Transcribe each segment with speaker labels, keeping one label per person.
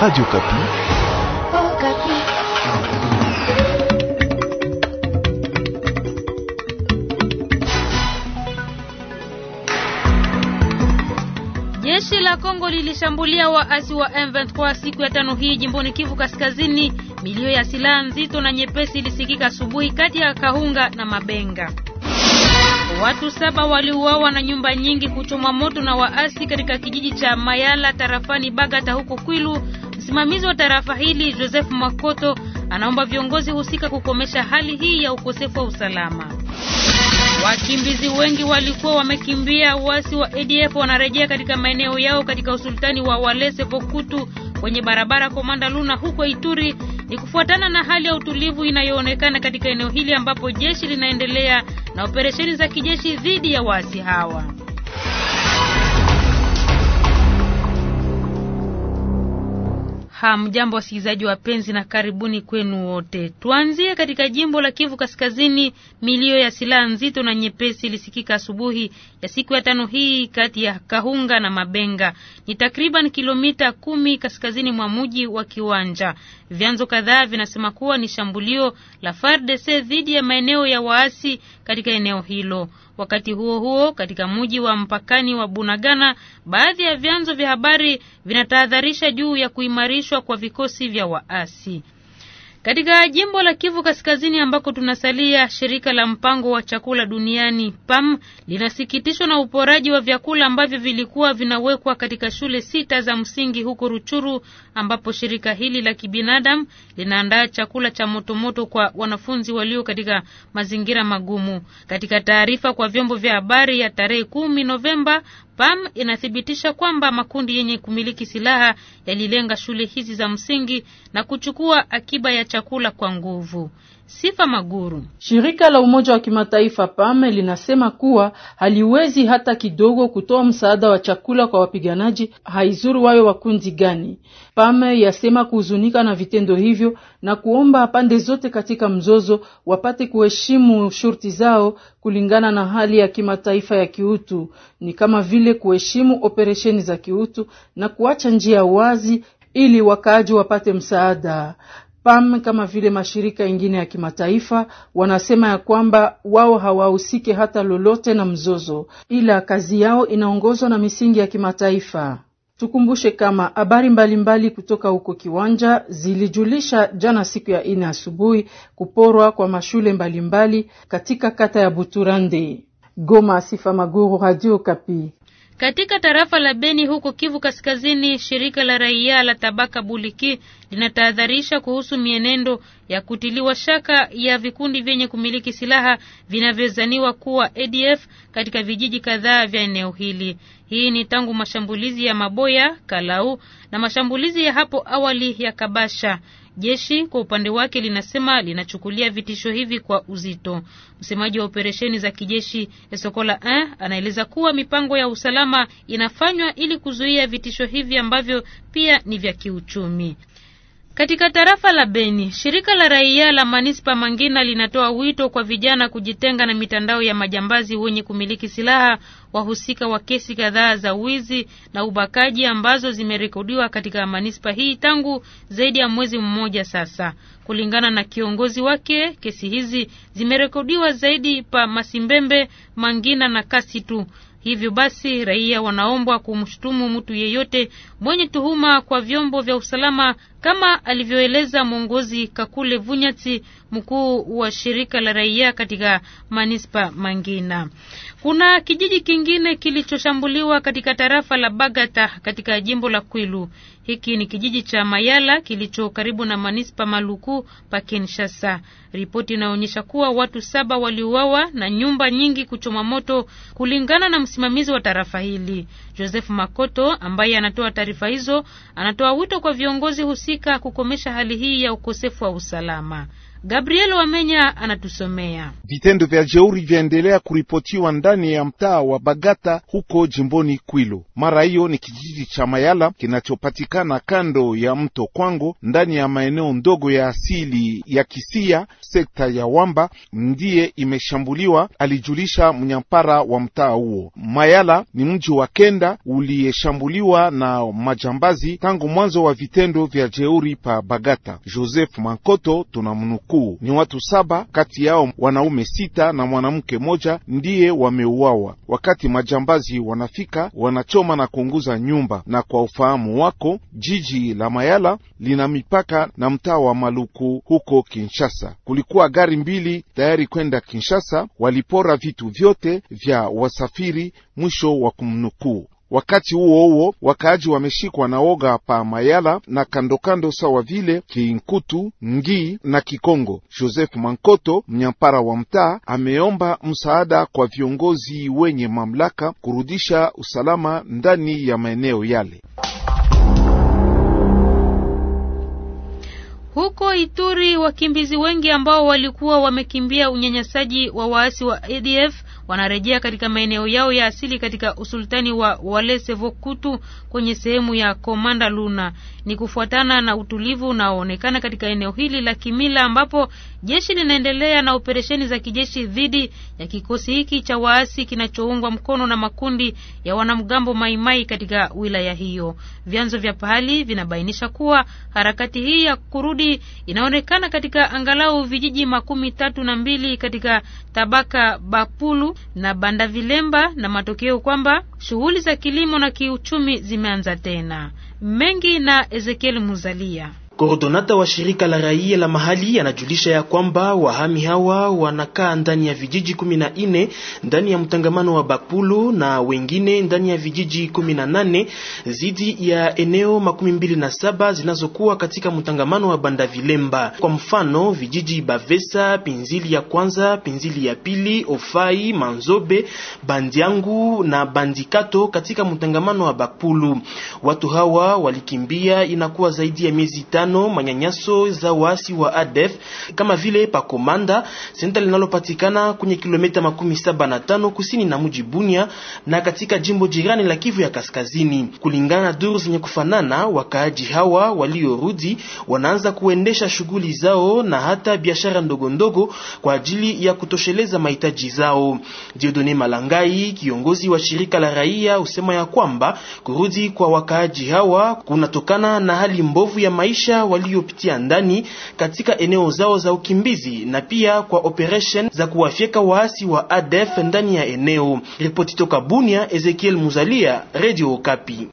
Speaker 1: Radio Kapi.
Speaker 2: Oh, Kapi.
Speaker 3: Jeshi la Kongo lilishambulia waasi wa M23 siku ya tano hii jimboni Kivu Kaskazini. Milio ya silaha nzito na nyepesi ilisikika asubuhi kati ya Kahunga na Mabenga. Watu saba waliuawa na nyumba nyingi kuchomwa moto na waasi katika kijiji cha Mayala tarafani Bagata huko Kwilu Msimamizi wa tarafa hili Joseph Makoto anaomba viongozi husika kukomesha hali hii ya ukosefu wa usalama. Wakimbizi wengi walikuwa wamekimbia uasi wa ADF wanarejea katika maeneo yao katika usultani wa Walese Vokutu kwenye barabara Komanda Luna huko Ituri ni kufuatana na hali ya utulivu inayoonekana katika eneo hili ambapo jeshi linaendelea na operesheni za kijeshi dhidi ya waasi hawa. Hamjambo wasikilizaji wapenzi, na karibuni kwenu wote. Tuanzie katika jimbo la Kivu Kaskazini. Milio ya silaha nzito na nyepesi ilisikika asubuhi ya siku ya tano hii kati ya Kahunga na Mabenga, ni takriban kilomita kumi kaskazini mwa mji wa Kiwanja. Vyanzo kadhaa vinasema kuwa ni shambulio la FARDC dhidi ya maeneo ya waasi katika eneo hilo. Wakati huo huo, katika mji wa mpakani wa Bunagana, baadhi ya vyanzo vya habari vinatahadharisha juu ya kuimarishwa kwa vikosi vya waasi. Katika jimbo la Kivu Kaskazini ambako tunasalia, shirika la mpango wa chakula duniani PAM linasikitishwa na uporaji wa vyakula ambavyo vilikuwa vinawekwa katika shule sita za msingi huko Ruchuru, ambapo shirika hili la kibinadamu linaandaa chakula cha motomoto kwa wanafunzi walio katika mazingira magumu. Katika taarifa kwa vyombo vya habari ya tarehe kumi Novemba, PAM inathibitisha kwamba makundi yenye kumiliki silaha yalilenga shule hizi za msingi na kuchukua akiba ya chakula kwa nguvu. Sifa Maguru.
Speaker 4: Shirika la Umoja wa Kimataifa PAM e, linasema kuwa haliwezi hata kidogo kutoa msaada wa chakula kwa wapiganaji, haizuru wawe wakundi gani. PAM e yasema kuhuzunika na vitendo hivyo na kuomba pande zote katika mzozo wapate kuheshimu shurti zao kulingana na hali ya kimataifa ya kiutu, ni kama vile kuheshimu operesheni za kiutu na kuacha njia wazi ili wakaaji wapate msaada. PAM kama vile mashirika yengine ya kimataifa wanasema ya kwamba wao hawahusiki hata lolote na mzozo, ila kazi yao inaongozwa na misingi ya kimataifa. Tukumbushe kama habari mbalimbali kutoka huko kiwanja zilijulisha jana siku ya ine asubuhi kuporwa kwa mashule mbalimbali mbali katika kata ya Buturande. Goma, Sifa Maguru, Radio Kapi.
Speaker 3: Katika tarafa la Beni huko Kivu Kaskazini, shirika la raia la Tabaka Buliki linatahadharisha kuhusu mienendo ya kutiliwa shaka ya vikundi vyenye kumiliki silaha vinavyozaniwa kuwa ADF katika vijiji kadhaa vya eneo hili. Hii ni tangu mashambulizi ya Maboya, Kalau na mashambulizi ya hapo awali ya Kabasha. Jeshi kwa upande wake linasema linachukulia vitisho hivi kwa uzito. Msemaji wa operesheni za kijeshi Sokola 1 anaeleza kuwa mipango ya usalama inafanywa ili kuzuia vitisho hivi ambavyo pia ni vya kiuchumi. Katika tarafa la Beni, shirika la raia la manispa Mangina linatoa wito kwa vijana kujitenga na mitandao ya majambazi wenye kumiliki silaha, wahusika wa kesi kadhaa za wizi na ubakaji ambazo zimerekodiwa katika manispa hii tangu zaidi ya mwezi mmoja sasa. Kulingana na kiongozi wake, kesi hizi zimerekodiwa zaidi pa Masimbembe, Mangina na kasi tu Hivyo basi raia wanaombwa kumshutumu mtu yeyote mwenye tuhuma kwa vyombo vya usalama kama alivyoeleza mwongozi Kakule Vunyati, mkuu wa shirika la raia katika manispa Mangina. Kuna kijiji kingine kilichoshambuliwa katika tarafa la Bagata katika jimbo la Kwilu. Hiki ni kijiji cha Mayala kilicho karibu na manispa Maluku pa Kinshasa. Ripoti inaonyesha kuwa watu saba waliuawa na nyumba nyingi kuchoma moto, kulingana na msimamizi wa tarafa hili Joseph Makoto, ambaye anatoa taarifa hizo. Anatoa wito kwa viongozi husika katika kukomesha hali hii ya ukosefu wa usalama. Gabriel Wamenya anatusomea.
Speaker 1: Vitendo vya jeuri vyaendelea kuripotiwa ndani ya mtaa wa Bagata huko jimboni Kwilu. Mara hiyo ni kijiji cha Mayala kinachopatikana kando ya mto Kwango ndani ya maeneo ndogo ya asili ya Kisia sekta ya Wamba ndiye imeshambuliwa, alijulisha mnyampara wa mtaa huo. Mayala ni mji wa kenda uliyeshambuliwa na majambazi tangu mwanzo wa vitendo vya jeuri pa Bagata. Joseph Mankoto tunamnuku wakuu ni watu saba, kati yao wanaume sita na mwanamke moja ndiye wameuawa. Wakati majambazi wanafika, wanachoma na kuunguza nyumba. Na kwa ufahamu wako, jiji la Mayala lina mipaka na mtaa wa Maluku huko Kinshasa. Kulikuwa gari mbili tayari kwenda Kinshasa, walipora vitu vyote vya wasafiri. Mwisho wa kumnukuu. Wakati huo huo, wakaaji wameshikwa na oga pa Mayala na kandokando sawa vile Kiinkutu, Ngii na Kikongo. Joseph Mankoto, mnyampara wa mtaa, ameomba msaada kwa viongozi wenye mamlaka kurudisha usalama ndani ya maeneo yale.
Speaker 3: Huko Ituri, wakimbizi wengi ambao walikuwa wamekimbia unyanyasaji wa waasi wa ADF wanarejea katika maeneo yao ya asili katika usultani wa Walesevokutu kwenye sehemu ya Komanda Luna. Ni kufuatana na utulivu unaoonekana katika eneo hili la kimila, ambapo jeshi linaendelea na operesheni za kijeshi dhidi ya kikosi hiki cha waasi kinachoungwa mkono na makundi ya wanamgambo Maimai katika wilaya hiyo. Vyanzo vya pahali vinabainisha kuwa harakati hii ya kurudi inaonekana katika angalau vijiji makumi tatu na mbili katika tabaka Bapulu na Banda Vilemba, na matokeo kwamba shughuli za kilimo na kiuchumi zimeanza tena mengi. Na Ezekiel Muzalia.
Speaker 2: Koordonata wa shirika la raia la mahali anajulisha ya kwamba wahami hawa wanakaa ndani ya vijiji kumi na nne ndani ya mtangamano wa Bapulu na wengine ndani ya vijiji kumi na nane zidi ya eneo makumi mbili na saba zinazokuwa katika mtangamano wa Banda Vilemba. Kwa mfano vijiji Bavesa, Pinzili ya kwanza, Pinzili ya pili, Ofai, Manzobe, Bandiangu na Bandikato katika mtangamano wa Bapulu. Watu hawa walikimbia inakuwa zaidi ya miezi tano mapigano, manyanyaso za waasi wa ADF kama vile pa Komanda senta linalopatikana kwenye kilomita makumi saba na tano kusini na mji Bunia na katika jimbo jirani la Kivu ya Kaskazini. Kulingana na duru zenye kufanana, wakaaji hawa waliorudi wanaanza kuendesha shughuli zao na hata biashara ndogo ndogo kwa ajili ya kutosheleza mahitaji zao. Diodone Malangai, kiongozi wa shirika la raia, usema ya kwamba kurudi kwa wakaaji hawa kunatokana na hali mbovu ya maisha raia waliopitia ndani katika eneo zao za ukimbizi na pia kwa operation za kuwafyeka waasi wa ADF ndani ya eneo. Ripoti toka Bunia, Ezekiel Muzalia, Radio Okapi.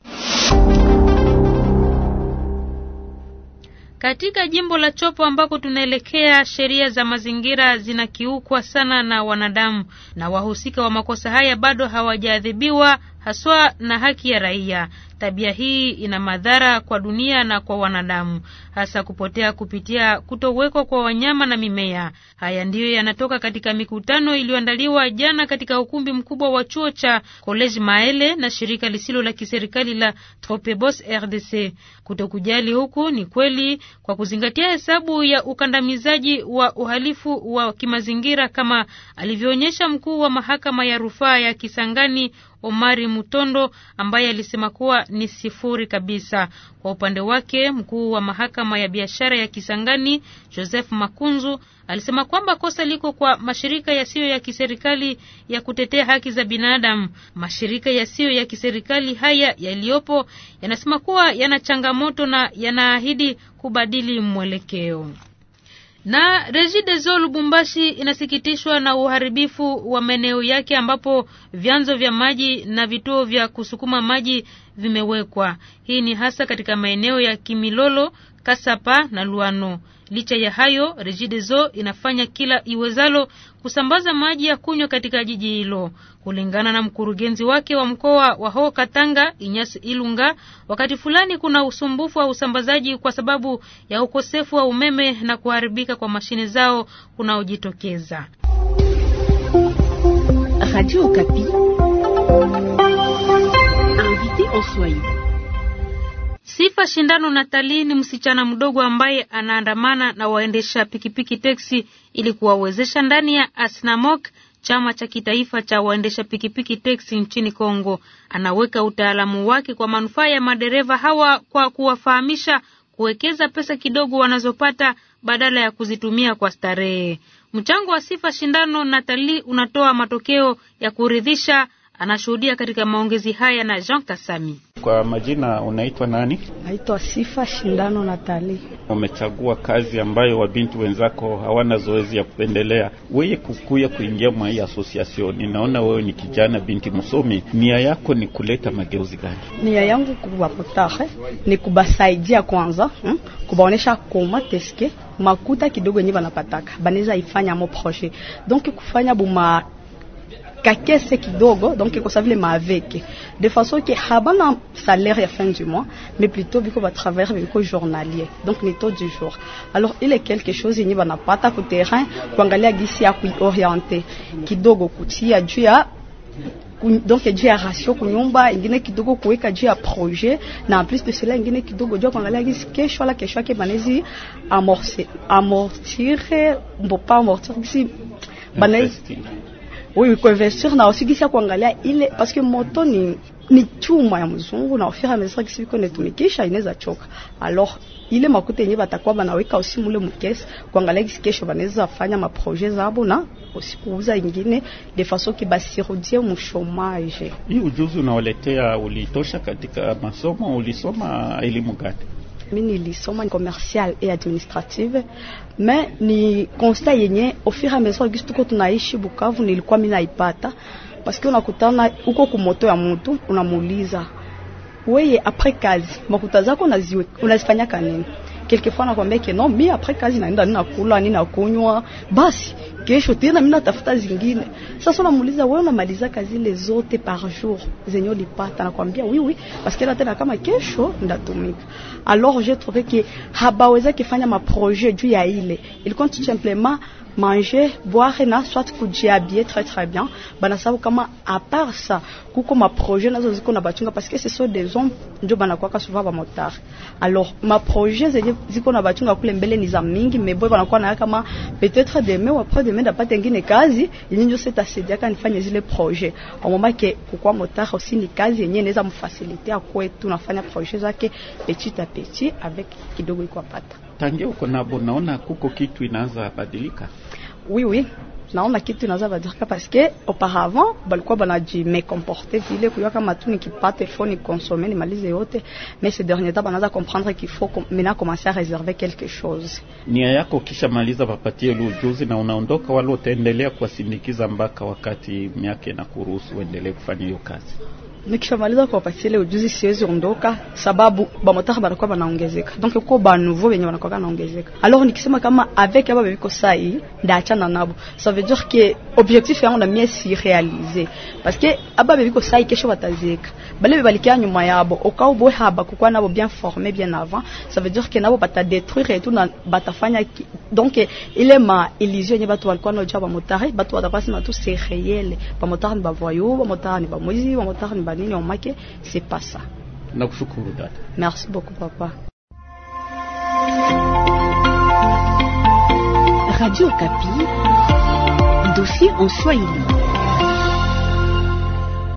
Speaker 3: Katika jimbo la Chopo ambako tunaelekea, sheria za mazingira zinakiukwa sana na wanadamu, na wahusika wa makosa haya bado hawajaadhibiwa haswa na haki ya raia. Tabia hii ina madhara kwa dunia na kwa wanadamu, hasa kupotea kupitia kutowekwa kwa wanyama na mimea. Haya ndiyo yanatoka katika mikutano iliyoandaliwa jana katika ukumbi mkubwa wa chuo cha College Maele na shirika lisilo la kiserikali la Tropebos RDC. Kutokujali huku ni kweli kwa kuzingatia hesabu ya ukandamizaji wa uhalifu wa kimazingira kama alivyoonyesha mkuu wa mahakama ya rufaa ya Kisangani Omari Mutondo ambaye alisema kuwa ni sifuri kabisa. Kwa upande wake, mkuu wa mahakama ya biashara ya Kisangani Joseph Makunzu alisema kwamba kosa liko kwa mashirika yasiyo ya kiserikali ya kutetea haki za binadamu. Mashirika yasiyo ya kiserikali haya yaliyopo yanasema kuwa yana changamoto na yanaahidi kubadili mwelekeo. Na Regideso Lubumbashi inasikitishwa na uharibifu wa maeneo yake ambapo vyanzo vya maji na vituo vya kusukuma maji vimewekwa. Hii ni hasa katika maeneo ya Kimilolo, Kasapa na Luano. Licha ya hayo, Regideso inafanya kila iwezalo kusambaza maji ya kunywa katika jiji hilo. Kulingana na mkurugenzi wake wa mkoa wa Ho Katanga Inyasi Ilunga, wakati fulani kuna usumbufu wa usambazaji kwa sababu ya ukosefu wa umeme na kuharibika kwa mashine zao kunaojitokeza. Radio Sifa Shindano Natali ni msichana mdogo ambaye anaandamana na waendesha pikipiki teksi ili kuwawezesha ndani ya Asnamok, chama cha kitaifa cha waendesha pikipiki teksi nchini Kongo. Anaweka utaalamu wake kwa manufaa ya madereva hawa kwa kuwafahamisha kuwekeza pesa kidogo wanazopata badala ya kuzitumia kwa starehe. Mchango wa Sifa Shindano Natali unatoa matokeo ya kuridhisha anashuhudia katika maongezi haya na Jean Kasami.
Speaker 5: Kwa majina unaitwa nani?
Speaker 6: Naitwa Sifa Shindano Natali.
Speaker 5: Umechagua kazi ambayo wabinti wenzako hawana zoezi ya kupendelea, weye kukuya kuingia mwa hii association Ninaona wewe ni kijana binti msomi, nia yako ni kuleta mageuzi gani?
Speaker 6: Nia yangu kuwapotare ni kubasaidia kwanza, hmm? kubaonesha koma teske makuta kidogo yenye banapataka banaweza ifanya mo projet donc kufanya buma kakese kidogo donc savez vile maaveke de façon que habana salaire ya fin du mois mais plutôt biko batravaillere biko journalier donc ni taux du jour alors il est quelque chose yenye banapata ku terrain kuangalia gisi ya orienter kidogo kutia juu ya donc juu ya ratio kunyumba ingine kidogo kuweka juu ya projet na en plus de cela ingine kidogo juu kuangalia gisi kesho ala kesho yake banezi amorcer amortir mbo pas amortir gisi banezi wewe kuinvestir na usigisa kuangalia ile paske moto ni ni chuma ya mzungu na ofira mesra kisi biko netumikisha inaweza choka. Alors ile makuta yenyewe batakuwa banaweka usi mule mkesi kuangalia kisi kesho banaweza fanya maproje zabo na usikuuza ingine de façon ki basirudie mushomage.
Speaker 5: Hii ujuzi unaoletea ulitosha katika masomo, ulisoma elimu gani?
Speaker 6: Mimi nilisoma commercial et administrative, me ni constat yenye au fur et mesure gisi tuko tunaishi Bukavu nilikuwa mimi naipata, paske unakutana huko kumoto ya mutu unamuuliza weye, après kazi makuta zako unazifanya kanini? Quelquefois nakwambia ke non, mi après kazi naenda ninakula ninakunywa basi kesho tena mimi natafuta zingine. Sasa namuuliza wewe, unamaliza zile zote par jour zenye ulipata? Nakwambia oui oui, parce que tena kama kesho ndatumika. Alors j'ai trouvé que habaweza ma maprojet juu ya ile ilikuwa tout simplement manger boire na soit kujihabiller très très bien banasabu kama a part ça kuko maprojet nazo ziko na bachunga parce que ce sont des hommes ndio banakuwaka souvent bamotari. Alors maprojet zenye ziko na bachunga kule mbele ni za mingi, mais boy banakuwa na kama peut-être demain ou après nimeenda pata ingine kazi yenye ndio sitasaidia kama nifanye zile projet amamake kukwa motara aussi ni kazi yenye inaweza mfasilite akwe tunafanya projet zake petit a petit avec kidogo iko apata.
Speaker 5: Tangia uko nabo, naona kuko kitu inaanza badilika.
Speaker 6: Oui, oui naona kitu inaweza badirika paske auparavant balikuwa banajimekomporte vile kuya kama tu nikipate fo nikonsome nimalize yote mais ce dernier temps banaza comprendre qu'il faut mena commencer a reserver quelque chose.
Speaker 5: Nia yako kisha ukishamaliza papatie ile ujuzi na unaondoka, wala utaendelea kuwasindikiza mpaka wakati miaka inakuruhusu uendelee kufanya hiyo kazi?
Speaker 6: Nikishamaliza kuwapatia ile ujuzi siwezi ondoka, sababu bamotari banakuwa banaongezeka, donc uko banouveau benye banakuwa banaongezeka. Alors nikisema kama avec aba biko sai ndaachana nabo, ça veut dire que objectif yangu na mie si realize, parce que aba biko sai kesho batazeka, bale balikia nyuma yabo okaubo haba kukwa nabo bien formé bien avant, ça veut dire que nabo bata détruire et tout na batafanya. Donc ile ma illusion yenye batu walikuwa nayo bamotari, batu watakuwa sema c'est réel, bamotari ni bavoyo, bamotari ni bamwizi, bamotari ni nini c'est pas ça. Merci beaucoup papa. Radio Kapi, dossier en Swahili.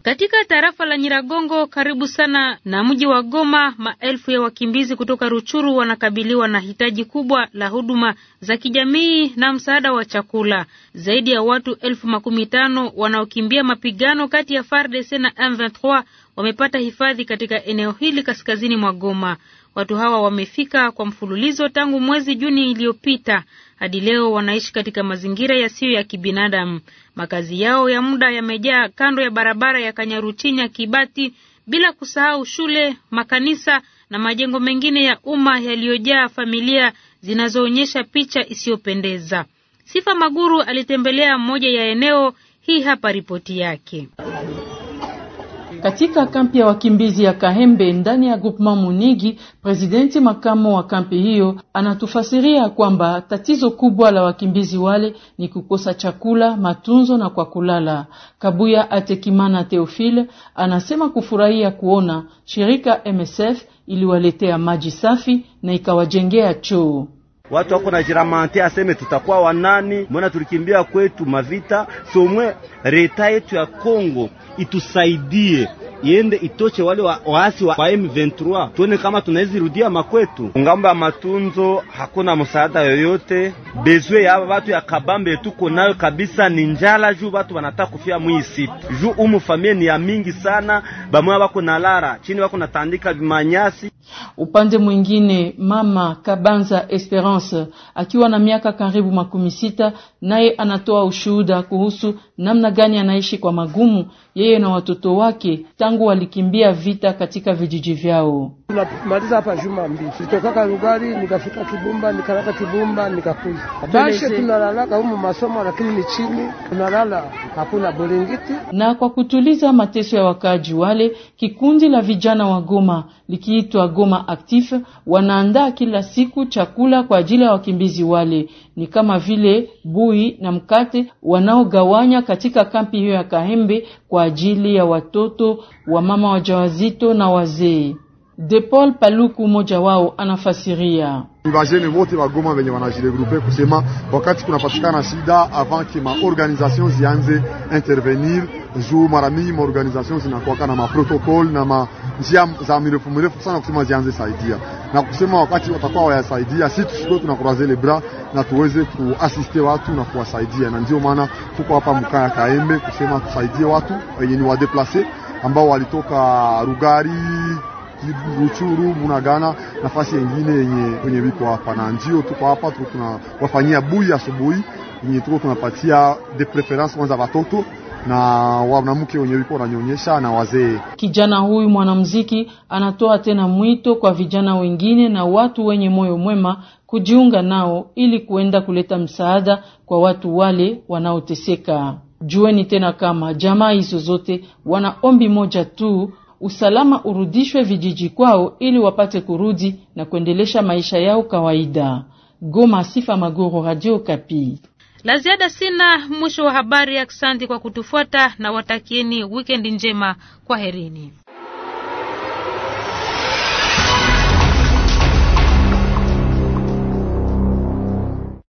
Speaker 3: Katika tarafa la Nyiragongo karibu sana na mji wa Goma, maelfu ya wakimbizi kutoka Ruchuru wanakabiliwa na hitaji kubwa la huduma za kijamii na msaada wa chakula. Zaidi ya watu elfu makumi tano wanaokimbia mapigano kati ya FARDC e na M23 wamepata hifadhi katika eneo hili kaskazini mwa Goma. Watu hawa wamefika kwa mfululizo tangu mwezi Juni iliyopita hadi leo wanaishi katika mazingira yasiyo ya kibinadamu. Makazi yao ya muda yamejaa kando ya barabara ya Kanyaruchinya Kibati, bila kusahau shule, makanisa na majengo mengine ya umma yaliyojaa familia zinazoonyesha picha isiyopendeza. Sifa Maguru alitembelea moja ya eneo hii, hapa ripoti yake
Speaker 4: katika kampi ya wakimbizi ya Kahembe ndani ya Groupement Munigi. Presidenti makamo wa kampi hiyo anatufasiria kwamba tatizo kubwa la wakimbizi wale ni kukosa chakula, matunzo na kwa kulala. Kabuya Atekimana Teofile anasema kufurahia kuona shirika MSF iliwaletea maji safi na ikawajengea choo.
Speaker 5: Watu wako na jiramante aseme tutakuwa
Speaker 2: wanani, mbona tulikimbia kwetu mavita somwe reta yetu ya Kongo itusaidie iende itoche wale wa, waasi wa, wa M23 tuone kama tunaweza rudia makwetu. Ngambo ya matunzo hakuna msaada yoyote, bezwe ya watu ya kabambe tuko nayo kabisa ni njala, juu watu wanataka kufia mwisi, juu umu familia ni ya mingi sana, bamwa wako na lara chini wako natandika manyasi.
Speaker 4: Upande mwingine mama Kabanza Esperance akiwa na miaka karibu makumi sita, naye anatoa ushuhuda kuhusu namna gani anaishi kwa magumu ye yeye na watoto wake tangu walikimbia vita katika vijiji vyao.
Speaker 2: Tunamaliza hapa juma mbili, tulitokaka Rugari nikafika Kibumba, nikalala Kibumba nikakuja Bashe. Tunalalaka humu masomo, lakini ni chini, tunalala hakuna bulingiti.
Speaker 4: Na kwa kutuliza mateso ya wakaaji wale, kikundi la vijana wa Goma likiitwa Goma Active wanaandaa kila siku chakula kwa ajili ya wakimbizi wale, ni kama vile bui na mkate wanaogawanya katika kampi hiyo ya Kahembe kwa ajili ya watoto wa mama wajawazito na wazee. De Paul Paluku mmoja wao anafasiria
Speaker 1: wajene wote wa Goma wenye kusema wakati kunapatikana shida, avant que ma zianze intervenir juu, mara mingi ma organisation zinakuwa na ma na ma njia za mirefu mirefu sana kusema zianze saidia na kusema wakati watakuwa wayasaidia, si tusikue tunakuraze ile bra na tuweze kuasiste watu na kuwasaidia, na ndio maana tuko hapa mkaa ya Kaembe kusema tusaidie watu wenye ni wadeplase ambao walitoka Rugari, Ruchuru, Bunagana nafasi yengine yenye kwenye wiko hapa, na ndio tuko hapa tunawafanyia bui asubuhi yenye tuko tunapatia de preference kwanza watoto na wanamke wenye wiko wananyonyesha na wazee.
Speaker 4: Kijana huyu mwanamuziki anatoa tena mwito kwa vijana wengine na watu wenye moyo mwema kujiunga nao ili kuenda kuleta msaada kwa watu wale wanaoteseka. Jueni tena kama jamaa hizo zote wana ombi moja tu, usalama urudishwe vijiji kwao ili wapate kurudi na kuendelesha maisha yao kawaida. Goma, Sifa Magoro, Radio Kapi.
Speaker 3: La ziada sina. Mwisho wa habari. Asante kwa kutufuata na watakieni wikendi njema. Kwaherini.